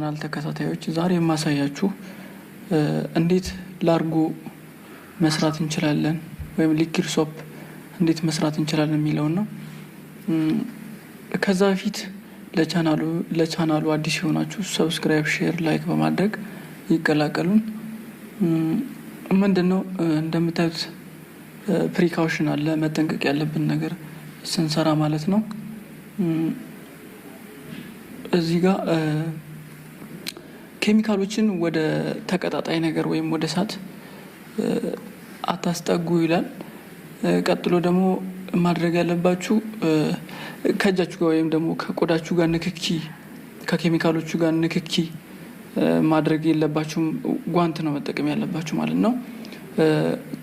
ቻናል ተከታታዮች ዛሬ የማሳያችሁ እንዴት ላርጎ መስራት እንችላለን ወይም ሊኪድ ሶፕ እንዴት መስራት እንችላለን የሚለውን ነው። ከዛ በፊት ለቻናሉ አዲስ የሆናችሁ ሰብስክራይብ፣ ሼር፣ ላይክ በማድረግ ይቀላቀሉን። ምንድን ነው እንደምታዩት ፕሪካውሽን አለ፣ መጠንቀቅ ያለብን ነገር ስንሰራ ማለት ነው። እዚህ ጋር ኬሚካሎችን ወደ ተቀጣጣይ ነገር ወይም ወደ እሳት አታስጠጉ ይላል። ቀጥሎ ደግሞ ማድረግ ያለባችሁ ከእጃችሁ ጋር ወይም ደግሞ ከቆዳችሁ ጋር ንክኪ ከኬሚካሎቹ ጋር ንክኪ ማድረግ የለባችሁም። ጓንት ነው መጠቀም ያለባችሁ ማለት ነው።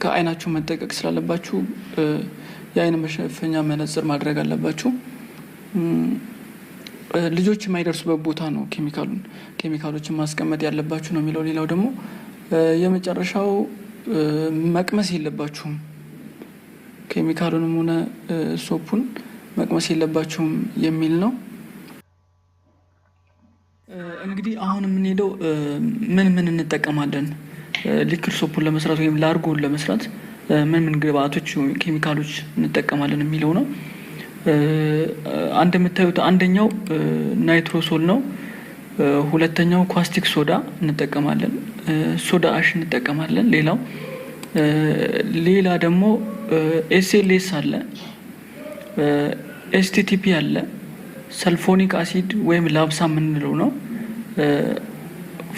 ከአይናችሁ መጠቀቅ ስላለባችሁ የአይን መሸፈኛ መነጽር ማድረግ አለባችሁ። ልጆች የማይደርሱበት ቦታ ነው ኬሚካሉን ኬሚካሎችን ማስቀመጥ ያለባችሁ ነው የሚለው። ሌላው ደግሞ የመጨረሻው መቅመስ የለባችሁም ኬሚካሉንም ሆነ ሶፑን መቅመስ የለባችሁም የሚል ነው። እንግዲህ አሁን የምንሄደው ምን ምን እንጠቀማለን ሊክር ሶፑን ለመስራት ወይም ላርጎን ለመስራት ምን ምን ግብአቶች ኬሚካሎች እንጠቀማለን የሚለው ነው። የምታዩት አንደኛው ናይትሮሶል ነው። ሁለተኛው ኳስቲክ ሶዳ እንጠቀማለን። ሶዳ አሽ እንጠቀማለን። ሌላው ሌላ ደግሞ ኤስኤልኤስ አለ፣ ኤስቲቲፒ አለ፣ ሰልፎኒክ አሲድ ወይም ላብሳ የምንለው ነው።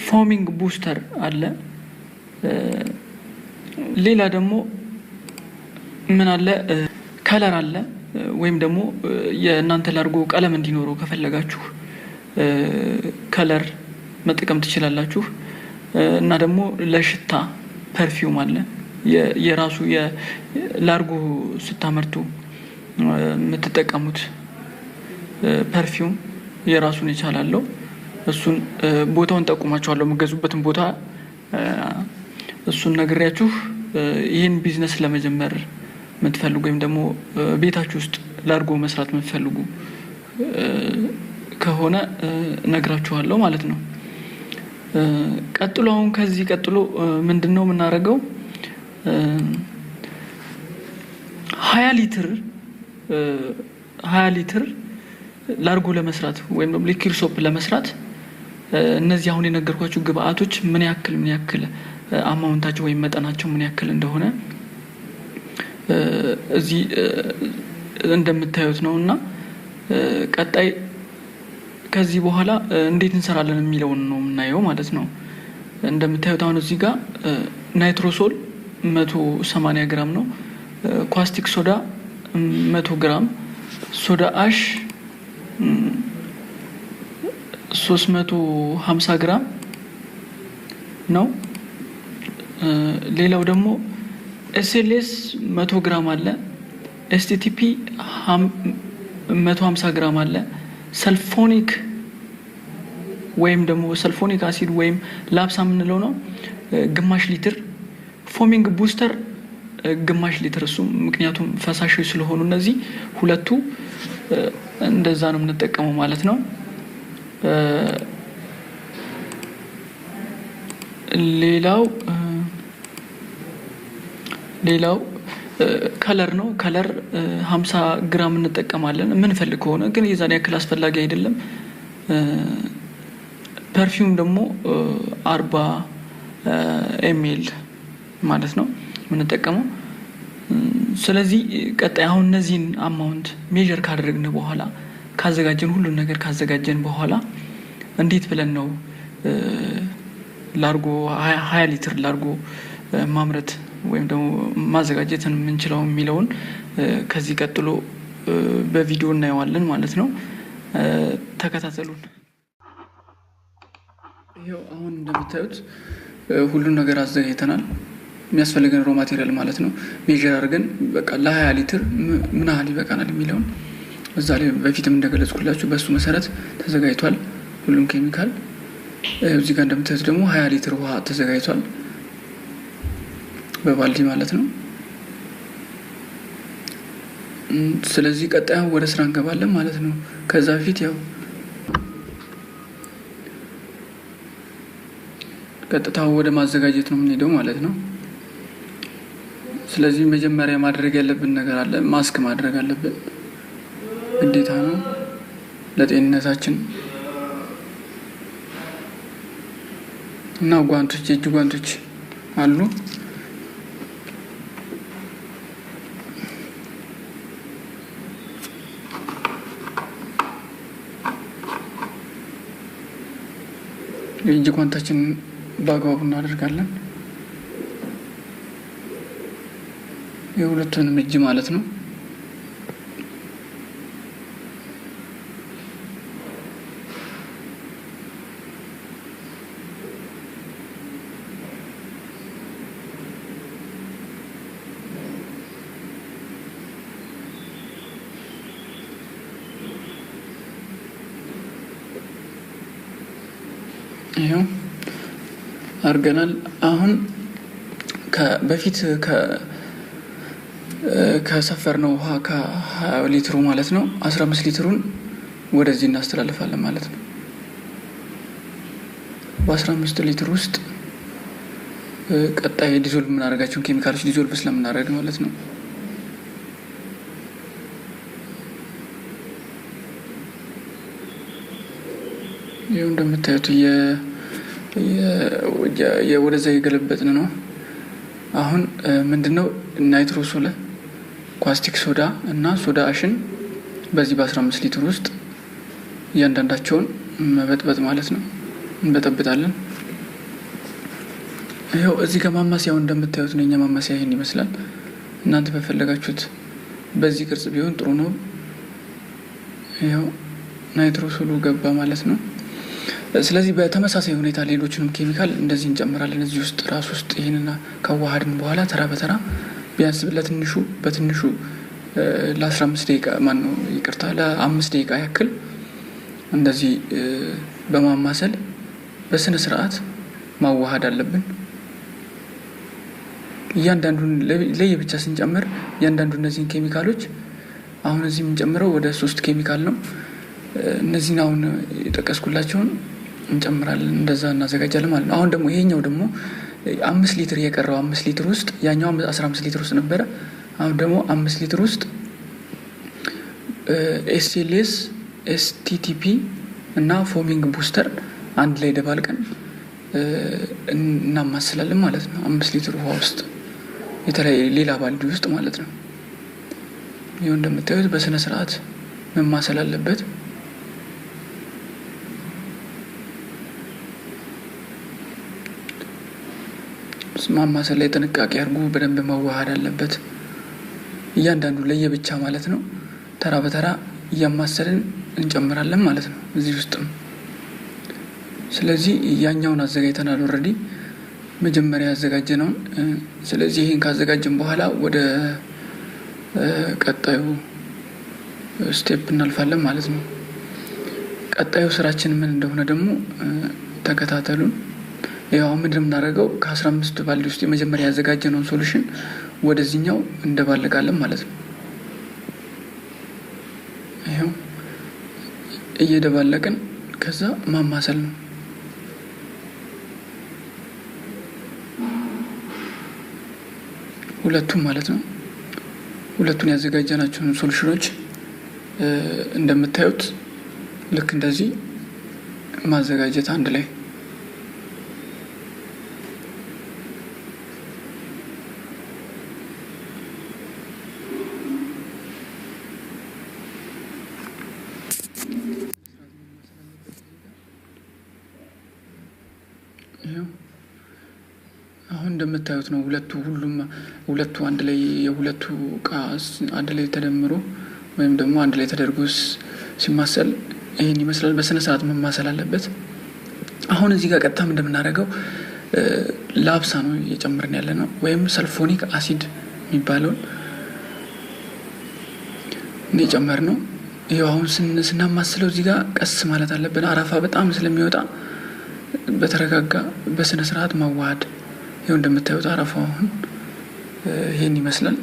ፎሚንግ ቡስተር አለ። ሌላ ደግሞ ምን አለ? ከለር አለ። ወይም ደግሞ የእናንተ ላርጎ ቀለም እንዲኖረው ከፈለጋችሁ ከለር መጠቀም ትችላላችሁ። እና ደግሞ ለሽታ ፐርፊውም አለ የራሱ ላርጎ ስታመርቱ የምትጠቀሙት ፐርፊውም የራሱን ይቻላለው። እሱን ቦታውን ጠቁማችኋለሁ፣ የምገዙበትን ቦታ እሱን ነግሬያችሁ ይህን ቢዝነስ ለመጀመር የምትፈልጉ ወይም ደግሞ ቤታችሁ ውስጥ ላርጎ መስራት የምትፈልጉ ከሆነ ነግራችኋለሁ ማለት ነው። ቀጥሎ አሁን ከዚህ ቀጥሎ ምንድን ነው የምናደርገው? ሀያ ሊትር ሀያ ሊትር ላርጎ ለመስራት ወይም ደግሞ ሊኪር ሶፕ ለመስራት እነዚህ አሁን የነገርኳቸው ግብአቶች ምን ያክል ምን ያክል አማውንታቸው ወይም መጠናቸው ምን ያክል እንደሆነ እዚህ እንደምታዩት ነው እና ቀጣይ ከዚህ በኋላ እንዴት እንሰራለን የሚለውን ነው የምናየው ማለት ነው። እንደምታዩት አሁን እዚህ ጋር ናይትሮሶል መቶ ግራም ነው። ኳስቲክ ሶዳ መቶ ግራም፣ ሶዳ አሽ ሶስት መቶ ሀምሳ ግራም ነው። ሌላው ደግሞ ኤስኤልኤስ 100 ግራም አለ፣ ኤስቲቲፒ 150 ግራም አለ። ሰልፎኒክ ወይም ደግሞ ሰልፎኒክ አሲድ ወይም ላፕሳ የምንለው ነው ግማሽ ሊትር ፎሚንግ ቡስተር ግማሽ ሊትር እሱ ምክንያቱም ፈሳሽ ስለሆኑ እነዚህ ሁለቱ እንደዛ ነው የምንጠቀመው ማለት ነው። ሌላው ሌላው ከለር ነው። ከለር ሀምሳ ግራም እንጠቀማለን የምንፈልግ ከሆነ ግን የዛን ያክል አስፈላጊ አይደለም። ፐርፊውም ደግሞ አርባ ኤሜል ማለት ነው የምንጠቀመው። ስለዚህ ቀጣይ አሁን እነዚህን አማውንት ሜዥር ካደረግን በኋላ ካዘጋጀን ሁሉን ነገር ካዘጋጀን በኋላ እንዴት ብለን ነው ላርጎ ሀያ ሊትር ላርጎ ማምረት ወይም ደግሞ ማዘጋጀት የምንችለው የሚለውን ከዚህ ቀጥሎ በቪዲዮ እናየዋለን ማለት ነው። ተከታተሉን። ይኸው አሁን እንደምታዩት ሁሉን ነገር አዘጋጅተናል። የሚያስፈልገን ሮ ማቴሪያል ማለት ነው። ሜዥር አድርገን በቃ ለሀያ ሊትር ምን ያህል ይበቃናል የሚለውን እዛ ላይ በፊትም እንደገለጽኩላችሁ በእሱ መሰረት ተዘጋጅቷል። ሁሉም ኬሚካል እዚህ ጋር እንደምታዩት ደግሞ ሀያ ሊትር ውሃ ተዘጋጅቷል። በባልዲ ማለት ነው። ስለዚህ ቀጣይ ወደ ስራ እንገባለን ማለት ነው። ከዛ በፊት ያው ቀጥታ ወደ ማዘጋጀት ነው የምንሄደው ማለት ነው። ስለዚህ መጀመሪያ ማድረግ ያለብን ነገር አለ። ማስክ ማድረግ አለብን ግዴታ ነው ለጤንነታችን እና ጓንቶች የእጅ ጓንቶች አሉ። የእጅ ጓንታችንን በአግባቡ እናደርጋለን። የሁለቱንም እጅ ማለት ነው። ይኸው አድርገናል። አሁን በፊት ከሰፈር ነው ውሃ ከሀያ ሊትሩ ማለት ነው አስራ አምስት ሊትሩን ወደዚህ እናስተላልፋለን ማለት ነው። በአስራ አምስት ሊትር ውስጥ ቀጣይ ዲዞልቭ የምናደርጋቸውን ኬሚካሎች ዲዞልቭ ስለምናደርግ ማለት ነው ይኸው እንደምታዩት ወደዛ የገለበጥን ነው። አሁን ምንድነው ናይትሮ ሶለ ኳስቲክ ሶዳ እና ሶዳ አሽን በዚህ በ15 ሊትር ውስጥ እያንዳንዳቸውን መበጥበጥ ማለት ነው። እንበጠብጣለን። ይኸው እዚህ ጋር ማማሲያው እንደምታዩት ነው። የኛ ማማሲያ ይህን ይመስላል። እናንተ በፈለጋችሁት በዚህ ቅርጽ ቢሆን ጥሩ ነው። ይኸው ናይትሮሶሉ ገባ ማለት ነው። ስለዚህ በተመሳሳይ ሁኔታ ሌሎችንም ኬሚካል እንደዚህ እንጨምራለን። እዚህ ውስጥ ራስ ውስጥ ይህንና ከዋሃድን በኋላ ተራ በተራ ቢያንስ ለትንሹ በትንሹ ለ15 ደቂቃ ማነው ይቅርታ፣ ለአምስት ደቂቃ ያክል እንደዚህ በማማሰል በስነ ስርዓት ማዋሃድ አለብን። እያንዳንዱን ለየብቻ ስንጨምር እያንዳንዱ እነዚህን ኬሚካሎች አሁን እዚህ የምንጨምረው ወደ ሶስት ኬሚካል ነው። እነዚህን አሁን የጠቀስኩላቸውን እንጨምራለን። እንደዛ እናዘጋጃለን ማለት ነው። አሁን ደግሞ ይሄኛው ደግሞ አምስት ሊትር የቀረው አምስት ሊትር ውስጥ ያኛው አስራ አምስት ሊትር ውስጥ ነበረ። አሁን ደግሞ አምስት ሊትር ውስጥ ኤስኤልኤስ ኤስቲቲፒ እና ፎሚንግ ቡስተር አንድ ላይ ደባልቀን እናማስላለን ማለት ነው። አምስት ሊትር ውሃ ውስጥ የተለያየ ሌላ ባልዲ ውስጥ ማለት ነው። ይሁ እንደምታዩት በስነ መማሰል አለበት። ማማሰል ላይ ጥንቃቄ አድርጉ። በደንብ መዋሃድ አለበት። እያንዳንዱ ለየብቻ ማለት ነው። ተራ በተራ እያማሰልን እንጨምራለን ማለት ነው እዚህ ውስጥም። ስለዚህ ያኛውን አዘጋጅተናል ኦልሬዲ መጀመሪያ ያዘጋጀነውን። ስለዚህ ይህን ካዘጋጀን በኋላ ወደ ቀጣዩ ስቴፕ እናልፋለን ማለት ነው። ቀጣዩ ስራችን ምን እንደሆነ ደግሞ ተከታተሉን። ያው አሁን ምንድን የምናደርገው? ከአስራ አምስት ባልዲ ውስጥ የመጀመሪያ ያዘጋጀነውን ሶሉሽን ወደዚህኛው እንደባለቃለን ማለት ነው። ይኸው እየደባለቅን ከዛ ማማሰል ነው። ሁለቱም ማለት ነው። ሁለቱን ያዘጋጀናቸውን ሶሉሽኖች እንደምታዩት ልክ እንደዚህ ማዘጋጀት አንድ ላይ አሁን እንደምታዩት ነው። ሁለቱ ሁሉም ሁለቱ አንድ ላይ የሁለቱ እቃ አንድ ላይ ተደምሮ ወይም ደግሞ አንድ ላይ ተደርጎ ሲማሰል ይህን ይመስላል። በስነ ስርዓት መማሰል አለበት። አሁን እዚህ ጋር ቀጥታም እንደምናደርገው ላብሳ ነው እየጨምርን ያለ ነው፣ ወይም ሰልፎኒክ አሲድ የሚባለውን እንደ ነው። ይኸው አሁን ስናማስለው እዚህ ጋር ቀስ ማለት አለብን፣ አረፋ በጣም ስለሚወጣ በተረጋጋ በስነ ስርዓት ማዋሃድ ይኸው እንደምታዩት አረፋውን ይህን ይመስላል።